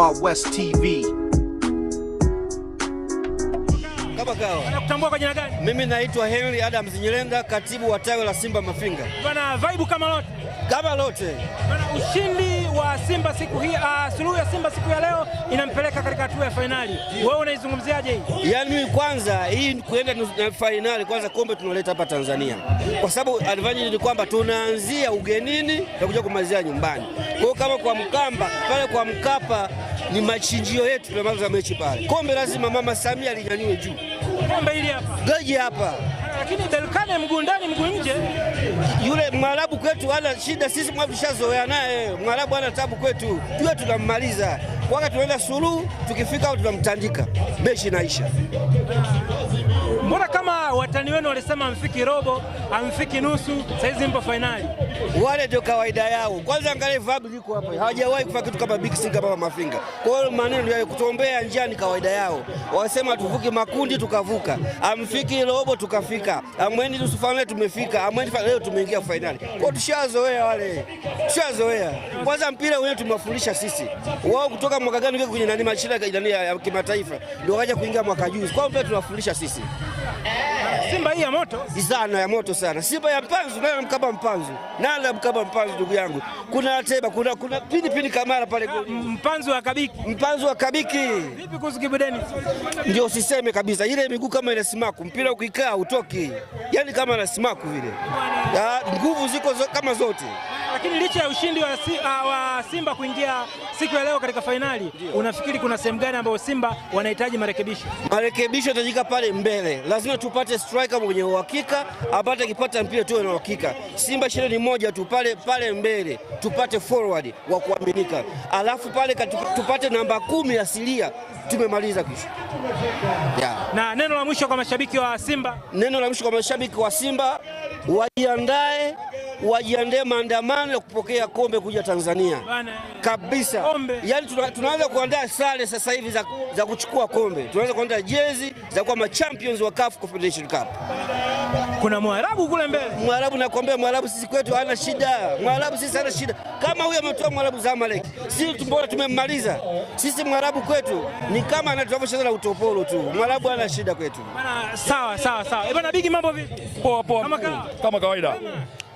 Wild West TV. Anakutambua kwa jina gani? Mimi naitwa Henry Adams Nyelenda, katibu wa tawi la Simba Mafinga. Bana vibe kama lote. Kama lote. Bana ushindi wa Simba siku hii, uh, suluhu ya Simba siku ya leo inampeleka katika hatua ya fainali. Wewe unaizungumziaje hii? Yaani mimi kwanza hii kuenda na fainali kwanza kombe tunaleta hapa Tanzania. Kwa sababu advantage ni kwamba tunaanzia ugenini na kuja kumalizia nyumbani. Kwa hiyo kama kwa Mkamba, pale kwa Mkapa ni machinjio yetu, tunamaliza mechi pale. Kombe lazima Mama Samia linyanyue juu, kombe hili hapa, geji hapa lakini Belkane mguu ndani mguu nje, yule Mwarabu kwetu ana shida. Sisi mwavishazoea naye, Mwarabu ana tabu kwetu, jua tunammaliza waka tunaenda suluhu. Tukifika au tunamtandika, mechi naisha Mbona kama watani wenu walisema amfiki robo, amfiki nusu, saizi mpo fainali? wale ndio kawaida yao. Kwanza angalia vilabu liko hapa, hawajawahi kufanya kitu kama Big Sing kama Mafinga. Kwa hiyo maneno ya kutombea njia ni kawaida yao. Wasema tuvuke makundi, tukavuka. Amfiki robo, tukafika. Amwendi nusu finali, tumefika. Amwendi leo, tumeingia finali. Kwa hiyo tushazoea wale, tushazoea. Kwanza mpira wenyewe tumewafundisha sisi, wao kutoka mwaka gani kwenye nani mashindano ya kimataifa ndio waje kuingia mwaka juzi. Kwa hiyo tunawafundisha sisi Simba hii ya moto sana, ya moto sana. Simba ya mpanzu nala mkaba mpanzu nala mkaba mpanzu, ndugu yangu, kuna Ateba, kuna kuna pini pini Kamara pale, ah, mpanzu wa Kabiki, mpanzu wa Kabiki. Vipi kuhusu Kibu Denis? Ndio usiseme kabisa, ile miguu kama inasimaku simaku, mpira ukikaa utoki, yani kama na simaku vile, nguvu ziko zo, kama zote lakini licha ya ushindi wa, si, uh, wa Simba kuingia siku ya leo katika fainali, unafikiri kuna sehemu gani ambayo Simba wanahitaji marekebisho? Marekebisho yatajika pale mbele, lazima tupate striker mwenye uhakika apate akipata mpira tuwe na uhakika. Simba shida ni moja tu pale pale mbele, tupate forward wa kuaminika, alafu pale tupate namba kumi asilia, tumemaliza kisha. Yeah. Na neno la mwisho kwa mashabiki wa Simba, neno la mwisho kwa mashabiki wa Simba wajiandae wajiandae maandamano ya kupokea kombe kuja Tanzania eh. kabisa. Yani tunaanza kuandaa sare sasa hivi za, za kuchukua kombe, tunaanza kuandaa jezi za kuwa machampions wa CAF Confederation Cup. Kuna Mwarabu kule mbele, Mwarabu nakwambia, Mwarabu sisi kwetu hana shida, Mwarabu sisi hana shida. Kama huyu ametoa Mwarabu Zamalek, sisi tumbona tumemmaliza sisi. Mwarabu kwetu ni kama anatuvyocheza na utopolo tu, Mwarabu hana shida kwetu. Bana, sawa sawa sawa. E bana, bigi mambo vipi? Poa poa, kama kawaida.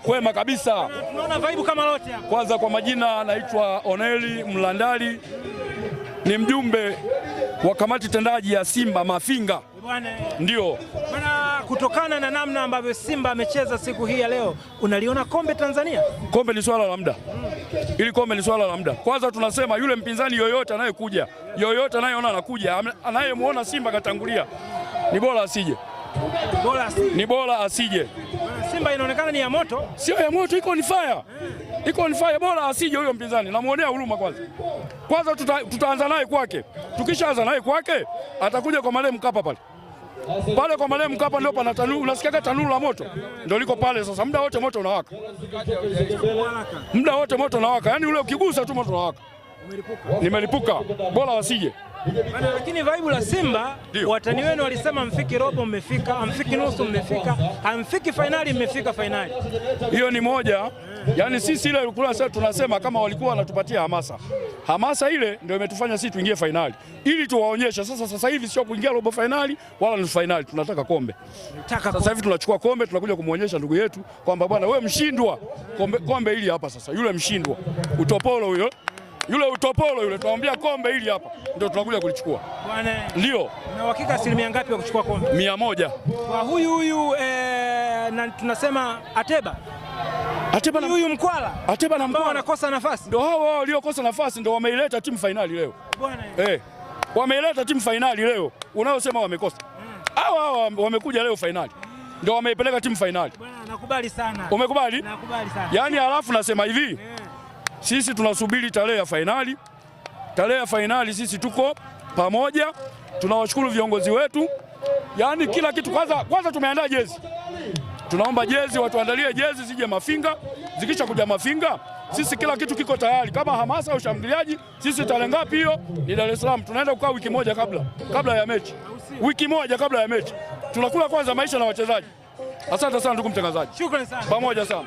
Kwema kabisa. Tunaona vibe kama lote hapa. Kwanza kwa majina anaitwa Oneli Mlandali, ni mjumbe wa kamati tendaji ya Simba Mafinga. Ndio bwana, kutokana na namna ambavyo Simba amecheza siku hii ya leo, unaliona kombe Tanzania? Kombe ni swala la muda, ili kombe ni swala la muda. Kwanza tunasema yule mpinzani yoyote anayekuja, yoyote anayeona anakuja, anayemwona Simba katangulia, ni bora asije, ni bora asije. Simba inaonekana ni ya moto, sio ya moto, iko on fire, eh. iko on fire. Bora asije huyo mpinzani, namwonea huruma kwanza. Kwanza tutaanza naye kwake, tukishaanza naye kwake atakuja kwa Malemu Mkapa pale pale kwa Malemu Mkapa ndio pana tanuru, unasikiaga tanuru la moto ndio liko pale. Sasa muda wote moto unawaka, muda wote moto unawaka, yaani ule ukigusa tu moto unawaka. Nimelipuka, bora wasije lakini vaibu la Simba watani wenu walisema mfiki robo mmefika, amfiki nusu mmefika, amfiki fainali mmefika fainali. Hiyo ni moja hmm. Yaani sisi ile ilikuwa sasa tunasema kama walikuwa wanatupatia hamasa, hamasa ile ndio imetufanya sisi tuingie fainali ili tuwaonyeshe sasa. Sasa hivi sio kuingia robo fainali wala nusu fainali, tunataka kombe. Sasa hivi tunachukua kombe, tunakuja kumwonyesha ndugu yetu kwamba bwana, wewe mshindwa kombe, kombe hili hapa sasa. Yule mshindwa utopolo huyo yule utopolo yule, tunaambia kombe hili hapa ndio tunakuja kulichukua bwana. Ndio na uhakika asilimia ngapi ya kuchukua kombe? mia moja kwa huyu huyu eh, na tunasema Ateba Ateba na huyu Mkwala, Ateba na Mkwala wanakosa nafasi, ndio hao hao waliokosa nafasi ndio wameileta timu fainali leo bwana eh, wameileta timu fainali leo unaosema wamekosa mm. hao hao wamekuja leo fainali ndio wameipeleka timu fainali. Bwana nakubali sana. Umekubali? Nakubali sana. Yaani alafu nasema hivi yeah. Sisi tunasubiri tarehe ya fainali. Tarehe ya fainali sisi tuko pamoja, tunawashukuru viongozi wetu, yaani kila kitu. Kwanza kwanza tumeandaa jezi, tunaomba jezi, watuandalie jezi zije Mafinga. Zikisha kuja Mafinga, sisi kila kitu kiko tayari, kama hamasa au shangiliaji. Sisi tarehe ngapi hiyo? Ni Dar es Salaam. Tunaenda kukaa wiki moja kabla, kabla ya mechi, wiki moja kabla ya mechi. Tunakula kwanza maisha na wachezaji. Asante sana ndugu mtangazaji, shukrani sana, pamoja sana.